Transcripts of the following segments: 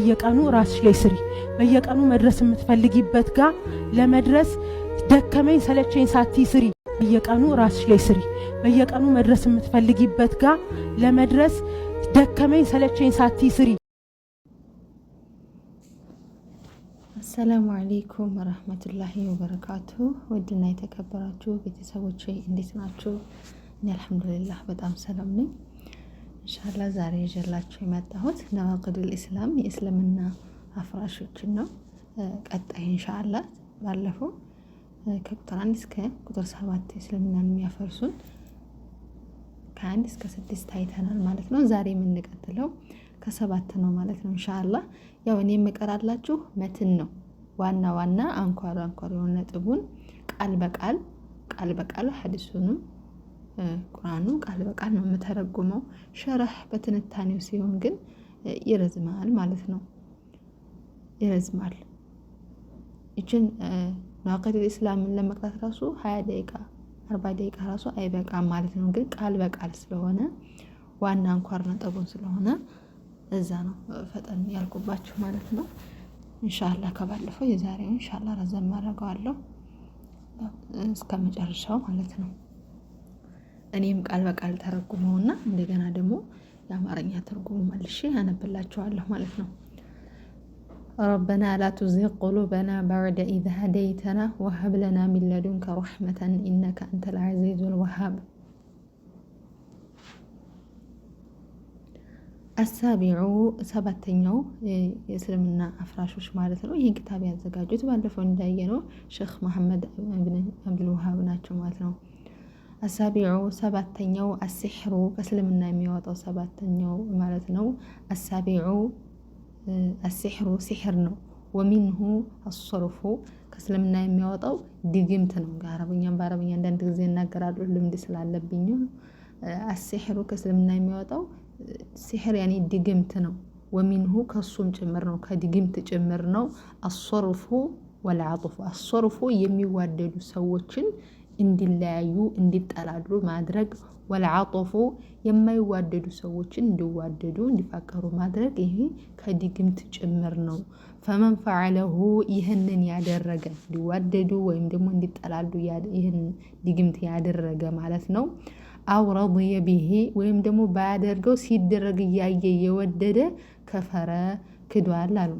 በየቀኑ ራስሽ ላይ ስሪ። በየቀኑ መድረስ የምትፈልጊበት ጋር ለመድረስ ደከመኝ ሰለቸኝ ሳቲ ስሪ። በየቀኑ ራስሽ ላይ ስሪ። በየቀኑ መድረስ የምትፈልጊበት ጋር ለመድረስ ደከመኝ ሰለቸኝ ሳቲ ስሪ። አሰላሙ አሌይኩም ወረህመቱላሂ ወበረካቱ። ውድና የተከበራችሁ ቤተሰቦች እንዴት ናችሁ? እኔ አልሐምዱሊላህ በጣም ሰላም ነኝ። ኢንሻላህ ዛሬ ይዤላችሁ የመጣሁት ነዋቅዱል ኢስላም የእስልምና አፍራሾችን ነው። ቀጣይ ኢንሻላህ ባለፈው ከቁጥር አንድ እስከ ቁጥር ሰባት እስልምናን የሚያፈርሱን ከአንድ እስከ ስድስት አይተናል ማለት ነው። ዛሬ የምንቀጥለው ከሰባት ነው ማለት ነው። ኢንሻላህ ያው እኔ የምቀራላችሁ መትን ነው ዋና ዋና አንኳር አንኳር የሆነ ነጥቡን ቃል በቃል ቃል በቃል ሀዲሱንም ቁርአኑ ቃል በቃል ነው የምተረጉመው። ሸረህ በትንታኔው ሲሆን ግን ይረዝማል ማለት ነው። ይረዝማል። ይችን መዋቅድ ኢስላምን ለመቅጣት ራሱ ሀያ ደቂቃ አርባ ደቂቃ ራሱ አይበቃም ማለት ነው። ግን ቃል በቃል ስለሆነ ዋና አንኳር ነጥቡን ስለሆነ እዛ ነው ፈጠን ያልኩባችሁ ማለት ነው። እንሻላ ከባለፈው የዛሬው እንሻላ ረዘም አደርገዋለሁ እስከ መጨረሻው ማለት ነው። እኔም ቃል በቃል ተረጉመውና እንደገና ደግሞ የአማርኛ ትርጉም መልሼ ያነብላችኋለሁ ማለት ነው። ረበና ላ ቱዚግ ቁሉበና ባዕደ ኢዝ ሀደይተና ወሀብ ለና ሚን ለዱንከ ረሕመተን ኢነከ አንተ ልዐዚዙ ልወሃብ። አሳቢዑ ሰባተኛው የእስልምና አፍራሾች ማለት ነው። ይህን ክታብ ያዘጋጁት ባለፈው እንዳየነው ሼክ መሐመድ ብን አብዱልወሃብ ናቸው ማለት ነው። አሳቢዑ ሰባተኛው አሲሕሩ ከእስልምና የሚያወጣው ሰባተኛው ማለት ነው። አሳቢዑ አሲሕሩ ሲሕር ነው። ወሚንሁ አሶርፉ ከእስልምና የሚያወጣው ድግምት ነው። አረብኛም በአረብኛ አንዳንድ ጊዜ እናገራሉ ልምድ ስላለብኝ። አሲሕሩ ከእስልምና የሚያወጣው ሲሕር ያኔ ድግምት ነው። ወሚንሁ ከሱም ጭምር ነው፣ ከድግምት ጭምር ነው። አሶርፉ ወለአጡፉ አሶርፉ የሚዋደዱ ሰዎችን እንዲለያዩ እንዲጠላሉ ማድረግ ወልዓጦፉ የማይዋደዱ ሰዎችን እንዲዋደዱ እንዲፋቀሩ ማድረግ ይህ ከድግምት ጭምር ነው። ፈመን ፈዓለሁ ይህንን ያደረገ እንዲዋደዱ ወይም ደግሞ እንዲጠላሉ ይህን ድግምት ያደረገ ማለት ነው። አው ረድየ ቢሂ ወይም ደግሞ ባያደርገው ሲደረግ እያየ የወደደ ከፈረ ክዷል አሉ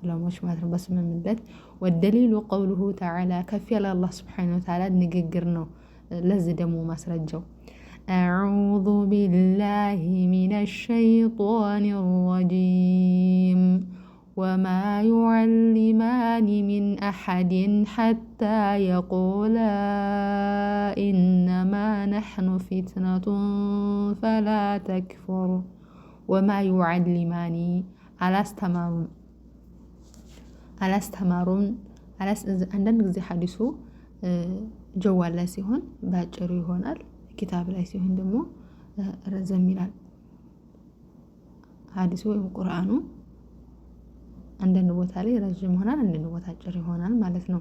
ዑለሞች ማለት ነው በስምምነት والدليل قوله تعالى كفل الله سبحانه وتعالى نققرنا لزدم ما سرجو أعوذ بالله من الشيطان الرجيم وما يعلمان من أحد حتى يقولا إنما نحن فتنة فلا تكفر وما يعلمان على استمام አላስተማሩም። አንዳንድ ጊዜ ሀዲሱ ጀዋል ላይ ሲሆን በአጭሩ ይሆናል። ኪታብ ላይ ሲሆን ደግሞ ረዘም ይላል። ሀዲሱ ወይም ቁርአኑ አንዳንድ ቦታ ላይ ረዥም ይሆናል፣ አንዳንድ ቦታ አጭር ይሆናል ማለት ነው።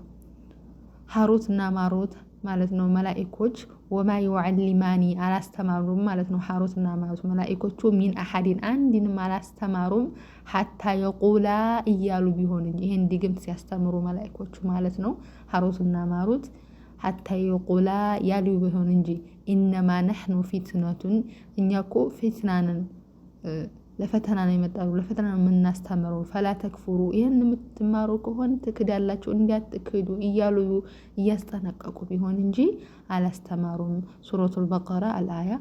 ሀሩት እና ማሩት ማለት ነው። መላኢኮች ወማ ዩዓሊማኒ አላስተማሩም ማለት ነው። ሐሩትና ማሩት መላኢኮቹ ሚን አሐዲን አንድንም አላስተማሩም። ሐታ የቁላ እያሉ ቢሆን እንጂ ይሄን ድግምት ሲያስተምሩ መላኢኮቹ ማለት ነው። ሐሩትና ማሩት ሐታ የቁላ ያሉ ቢሆን እንጂ ኢነማ ነሕኑ ፊትነቱን እኛ እኮ ፊትናንን ለፈተና ነው የመጣሩ ለፈተና ነው የምናስተምረው። ፈላ ተክፉሩ ይህን የምትማሩ ከሆን ትክዳላችሁ እንዳትክዱ እያሉ እያስጠነቀቁ ቢሆን እንጂ አላስተማሩም። ሱረቱል በቀራ አልአያ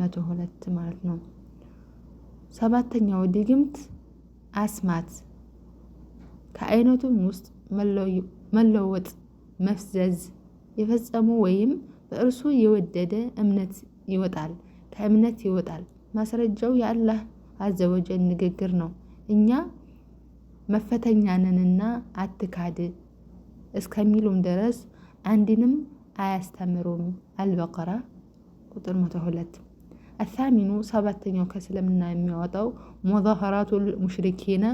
መቶ ሁለት ማለት ነው። ሰባተኛው ድግምት አስማት ከአይነቱም ውስጥ መለወጥ፣ መፍዘዝ የፈጸሙ ወይም በእርሱ የወደደ እምነት ይወጣል ከእምነት ይወጣል። ማስረጃው የአላህ አዘወጀል ንግግር ነው። እኛ መፈተኛንንና አትካድ እስከሚሉም ድረስ አንድንም አያስተምሩም። አልበቀራ ቁጥር መቶ ሁለት አሳሚኑ ሰባተኛው ከእስልምና የሚያወጣው ሞዛሀራቱ ሙሽሪኪነ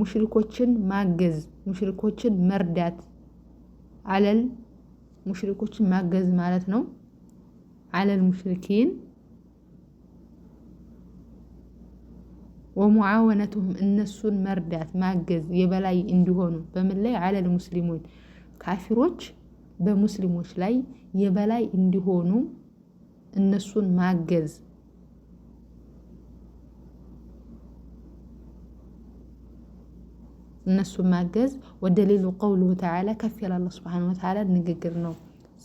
ሙሽሪኮችን ማገዝ ሙሽሪኮችን መርዳት አለል ሙሽሪኮችን ማገዝ ማለት ነው። አለል ሙሽሪኪን ወሙዓወነቱም እነሱን መርዳት ማገዝ የበላይ እንዲሆኑ በምን ላይ አለል ሙስሊሙን ካፊሮች በሙስሊሞች ላይ የበላይ እንዲሆኑ እነሱን ማገዝ እነሱን ማገዝ ወደሌሉ ቀውሉሁ ተዓላ ከፍ ያለ አላህ ሱብሓነሁ ንግግር ነው።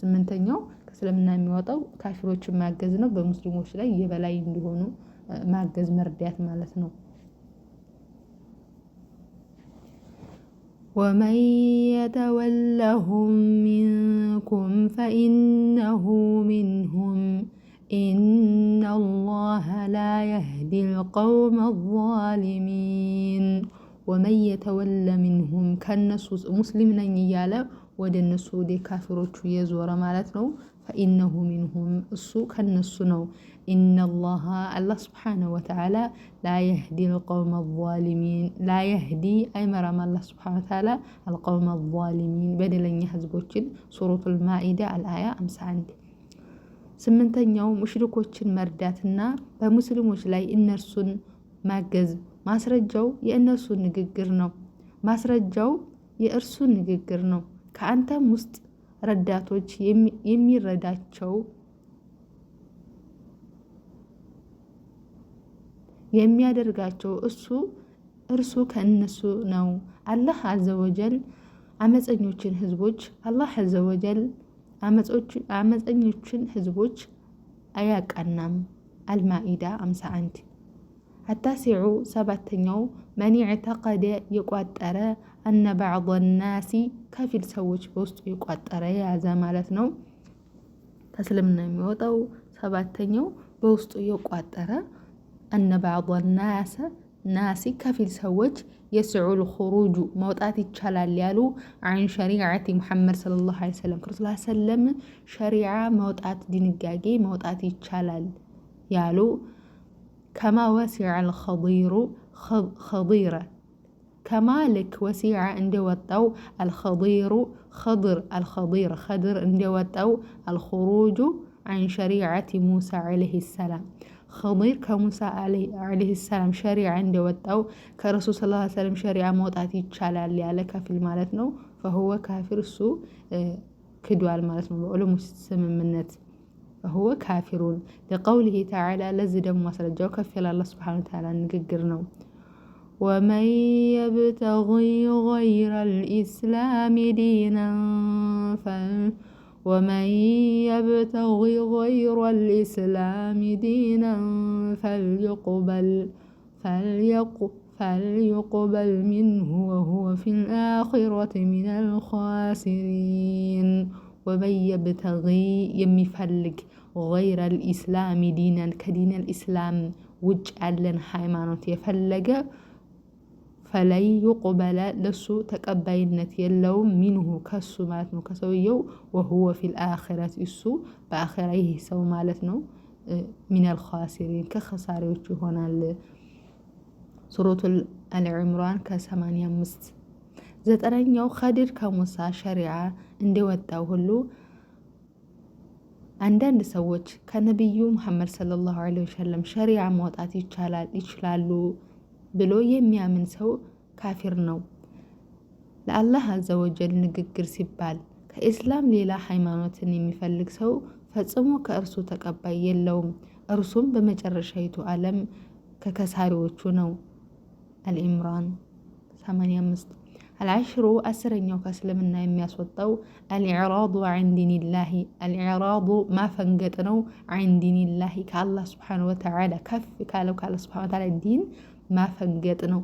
ስምንተኛው ከእስልምና የሚወጣው ካፊሮችን ማገዝ ነው። በሙስሊሞች ላይ የበላይ እንዲሆኑ ማገዝ መርዳት ማለት ነው። ومن يتولهم منكم فإنه منهم إن الله لا يهدي القوم الظالمين ومن يتول منهم كان مسلم نيالا ወደ እነሱ ወደ ካፊሮቹ የዞረ ማለት ነው። ፈኢነሁ ሚንሁም እሱ ከነሱ ነው። ኢነላሃ አላህ ስብሓነሁ ወተዓላ ላየህዲ አልቀውመ አዛሊሚን ላየህዲ አይመራም። አላህ ስብሓነሁ ወተዓላ አልቀውመ አዛሊሚን በደለኛ ህዝቦችን ሱረቱል ማኢዳ አልአያ 51 ስምንተኛው ሙሽሪኮችን መርዳትና በሙስሊሞች ላይ እነርሱን ማገዝ ማስረጃው የእነርሱ ንግግር ነው። ማስረጃው የእርሱ ንግግር ነው። ከአንተም ውስጥ ረዳቶች የሚረዳቸው የሚያደርጋቸው እሱ እርሱ ከእነሱ ነው። አላህ አዘወጀል አመፀኞችን ህዝቦች አላህ አዘወጀል አመፀኞችን ህዝቦች አያቃናም። አልማኢዳ 51 አታሲዑ ሰባተኛው መን ኢዕተቀደ የቋጠረ አነ ባዕድ ናሲ ከፊል ሰዎች በውስጡ የቋጠረ የያዘ ማለት ነው። ከእስልምና የሚወጣው ሰባተኛው በውስጡ የቋጠረ አነ ባዕድ ናሰ ናሲ ከፊል ሰዎች የስዑል ኹሩጁ መውጣት ይቻላል ያሉ አን ሸሪዓቲ ሙሐመድ ሰለላሁ ዐለይሂ ወሰለም ክርስቶስ ሰለም ሸሪዓ መውጣት ድንጋጌ መውጣት ይቻላል ያሉ ከማ ወሲዐ አልኸዲሩ ኸዲረ ከማ ልክ ወሲዐ እንደወጣው አልኸዲሩ ኸድር አልኸዲር ኸድር እንደወጣው አልኹሩጁ አን ሸሪዐቲ ሙሳ ዓለይሂ ሰላም ኸዲር ከሙሳ ዓለይሂ ሰላም ሸሪዐ እንደወጣው ከረሱል ሰለላሁ ዓለይሂ ወሰለም ሸሪዐ መውጣት ይቻላል ያለ ከፊል ማለት ነው። ፈሁወ ካፊር እሱ ክዷል ማለት ነው በዑለሞች ስምምነት فهو كافر لقوله تعالى لزد مواصل الجوكة في الله سبحانه وتعالى نقرنا ومن يبتغي غير الإسلام دينا ومن يبتغي غير الإسلام دينا فليقبل فليقبل فليقبل منه وهو في الآخرة من الخاسرين ወበየብተቂ የሚፈልግ ገይረል ኢስላሚ ዲነን ከዲነል ኢስላም ውጭ ያለን ሃይማኖት የፈለገ ፈለይ ዩቁበለ ለሱ ተቀባይነት የለውም። ሚንሁ ከሱ ማለት ነው ከሰውየው ወሁወ ፊል አኺረት እሱ በአኺራ ይህ ሰው ማለት ነው ሚነል ኻሲሪን ከኸሳሪዎች ይሆናል። ሱረቱል አልዕምራን ከ85 ዘጠነኛው ኸዲር ከሙሳ ሸሪዓ እንደወጣው ሁሉ አንዳንድ ሰዎች ከነቢዩ መሐመድ ሰለላሁ ዐለይሂ ወሰለም ሸሪዓ መውጣት ይቻላል ይችላሉ ብሎ የሚያምን ሰው ካፊር ነው። ለአላህ አዘወጀል ንግግር ሲባል ከኢስላም ሌላ ሃይማኖትን የሚፈልግ ሰው ፈጽሞ ከእርሱ ተቀባይ የለውም። እርሱም በመጨረሻይቱ ዓለም ከከሳሪዎቹ ነው። አልኢምራን 85 አልዓሽሩ አስረኛው ከእስልምና የሚያስወጣው አልዕራዱ አን ዲኒላሂ አልዕራዱ ማፈንገጥ ነው። አን ዲኒላሂ ከአላህ ስብሓነሁ ወተዓላ ከፍ ካለው ካለ ስብሓነሁ ወተዓላ ዲን ማፈንገጥ ነው።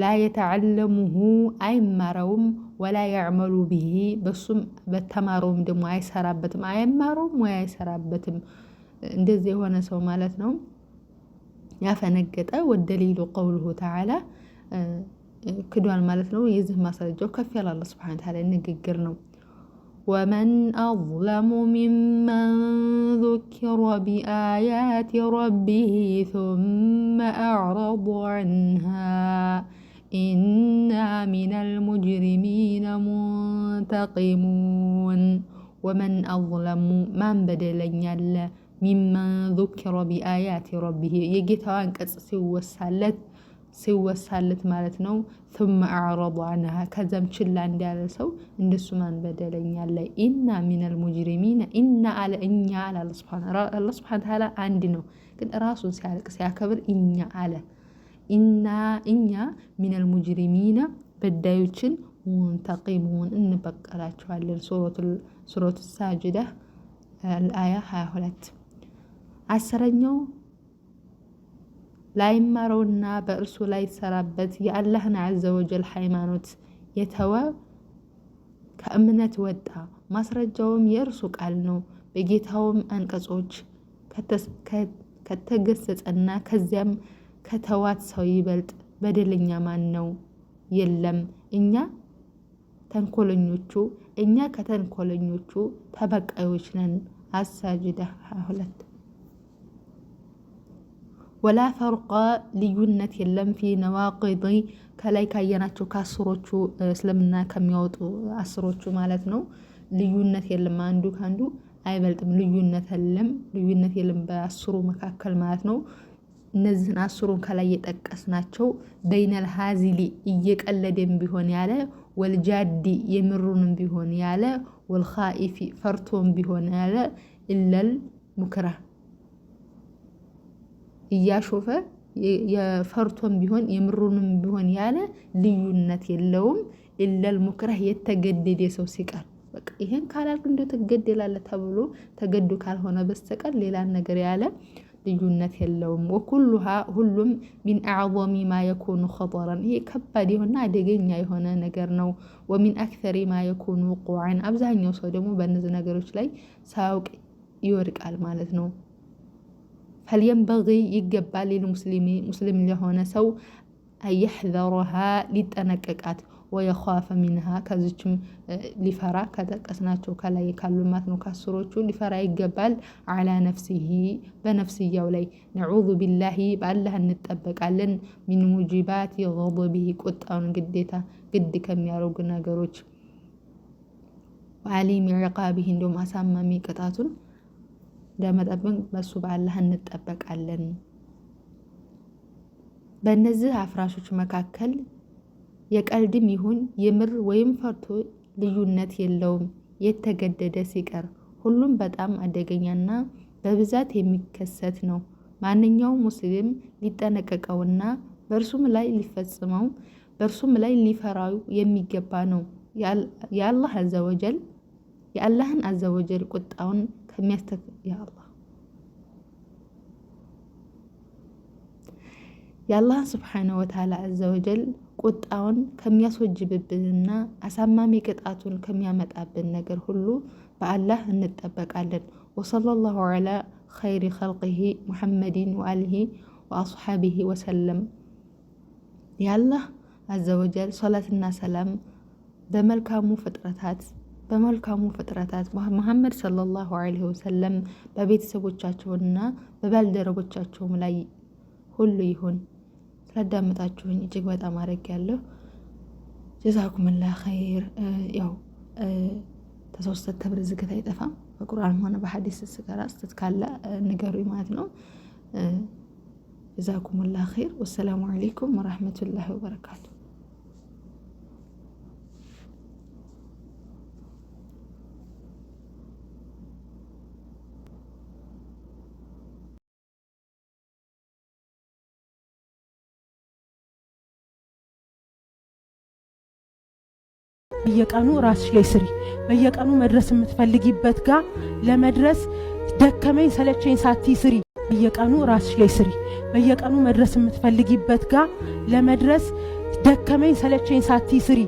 ላ የተዓለሙሁ አይማረውም፣ ወላ ያዕመሉ ብሂ በሱም በተማረውም ደግሞ አይሰራበትም። አይማረውም ወይ አይሰራበትም። እንደዚህ የሆነ ሰው ማለት ነው ያፈነገጠ ወደሊሉ ቀውሉሁ ተዓላ ክዷል ማለት ነው። የዚህ ማስረጃው ከፍ ያላለ ስብሓን ታላ ንግግር ነው። ወመን አظለሙ ሚመን ذኪረ ቢአያት ረቢህ ثመ አዕረض ዐንሃ ኢና ሚነ ልሙጅሪሚነ ሙንተቂሙን ወመን አظለሙ ማን በደለኛለ ሚመን ذኪረ ቢአያት ረቢህ የጌታዋን ቀጽ ሲወሳለት ሲወሳለት ማለት ነው። ثም أعرض عنها ከዛም ችላ እንዳለ ሰው እንደሱ ማን በደለኛ አለ። ኢና ሚነል ሙጅሪሚን ኢና አለ እኛ አለ አላህ ስብሓን ተዓላ አንድ ነው፣ ግን ራሱን ሲያልቅ ሲያከብር እኛ አለ ኢና እኛ ሚነል ሙጅሪሚን በዳዮችን ሙንተቂሙን እንበቀላቸዋለን። ሱረቱ ሳጅዳ አያ 22 አስረኛው ላይማረውና በእርሱ ላይ ይሰራበት የአላህን አዘወጀል ሃይማኖት የተወ ከእምነት ወጣ። ማስረጃውም የእርሱ ቃል ነው። በጌታውም አንቀጾች ከተገሰጸና ከዚያም ከተዋት ሰው ይበልጥ በደለኛ ማን ነው? የለም። እኛ ተንኮለኞቹ እኛ ከተንኮለኞቹ ተበቃዮች ነን። አሳጅዳ ሁለት ወላ ፈርቀ ልዩነት የለም ፊ ነዋቅዲ ከላይ ካየናቸው ከአስሮቹ እስልምና ከሚያወጡ አስሮቹ ማለት ነው። ልዩነት የለም አንዱ ከአንዱ አይበልጥም። ልዩነት የለም ልዩነት የለም በአስሩ መካከል ማለት ነው። እነዚህን አስሩን ከላይ የጠቀስናቸው በይነል ሀዚሊ እየቀለደም ቢሆን ያለ ወልጃዲ የምሩንም ቢሆን ያለ ወልኻኢፊ ፈርቶም ቢሆን ያለ ኢለል ሙክራህ እያሾፈ የፈርቶም ቢሆን የምሩንም ቢሆን ያለ ልዩነት የለውም። ለል ሙክረህ የተገደደ ሰው ሲቀር በቃ ይሄን ካላልክ እንደው ተብሎ ተገዶ ካልሆነ በስተቀር ሌላን ነገር ያለ ልዩነት የለውም። ወኩሉሃ ሁሉም ሚን አዕظሚ ማ የኩኑ ኸጠረን ይሄ ከባድ የሆነ አደገኛ የሆነ ነገር ነው። ወሚን አክተሪ ማ የኩኑ ቁዐን አብዛኛው ሰው ደግሞ በእነዚህ ነገሮች ላይ ሳያውቅ ይወድቃል ማለት ነው። ፈልየንበጊ ይገባል ሊልሙስሊሚ ሙስሊም ለሆነ ሰው አየሕዘሩሃ ሊጠነቀቃት ወየኻፈ ሚንሃ ከዚችም ሊፈራ ከጠቀስናቸው ከላይ ካሉ ማለት ነው ከአስሮቹ ሊፈራ ይገባል። አላ ነፍሲሂ በነፍስያው ላይ ነዑዙ ቢላሂ በአላህ እንጠበቃለን። ሚን ሙጂባት የገضቢሂ ቁጣውን ግዴታ ግድ ከሚያደርጉ ነገሮች፣ አሊም ዕቃቢሂ እንዲሁም አሳማሚ ቅጣቱን ለመጠበቅ በሱ በአላህ እንጠበቃለን። በእነዚህ አፍራሾች መካከል የቀልድም ይሁን የምር ወይም ፈርቶ ልዩነት የለውም። የተገደደ ሲቀር ሁሉም በጣም አደገኛና በብዛት የሚከሰት ነው። ማንኛውም ሙስሊም ሊጠነቀቀውና በእርሱም ላይ ሊፈጽመው በእርሱም ላይ ሊፈራው የሚገባ ነው። አዘወጀል የአላህን አዘወጀል ቁጣውን ከሚያስተክ ያአላ የአላህን ስብሓነ ወተዓላ አዘ ቁጣውን ከሚያስወጅብብንና አሳማሚ ቅጣቱን ከሚያመጣብን ነገር ሁሉ በአላህ እንጠበቃለን። ወሰለላሁ ዐላ ኸይሪ ኸልቂሂ ሙሐመዲን ወአሊሂ ወአስሓቢሂ ወሰለም። የአላህ አዘወጀል ሶላትና ሰላም በመልካሙ ፍጥረታት በመልካሙ ፍጥረታት መሐመድ ሰለላሁ ዐለይሂ ወሰለም በቤተሰቦቻቸውና በባልደረቦቻቸውም ላይ ሁሉ ይሁን። ስላዳመጣችሁኝ እጅግ በጣም አረግ ያለሁ ጀዛኩምላ ኸይር። ያው ተሰውስተት ተብር ዝገት አይጠፋም። በቁርአን ሆነ በሐዲስ ስቀራ ስተት ካለ ንገሩኝ ማለት ነው። ጀዛኩምላ ኸይር። ወሰላሙ አሌይኩም ወረሕመቱላሂ ወበረካቱ። በየቀኑ ራስሽ ላይ ስሪ። በየቀኑ መድረስ የምትፈልጊበት ጋር ለመድረስ ደከመኝ ሰለቸኝ ሳቲ ስሪ። በየቀኑ ራስሽ ላይ ስሪ። በየቀኑ መድረስ የምትፈልጊበት ጋር ለመድረስ ደከመኝ ሰለቸኝ ሳቲ ስሪ።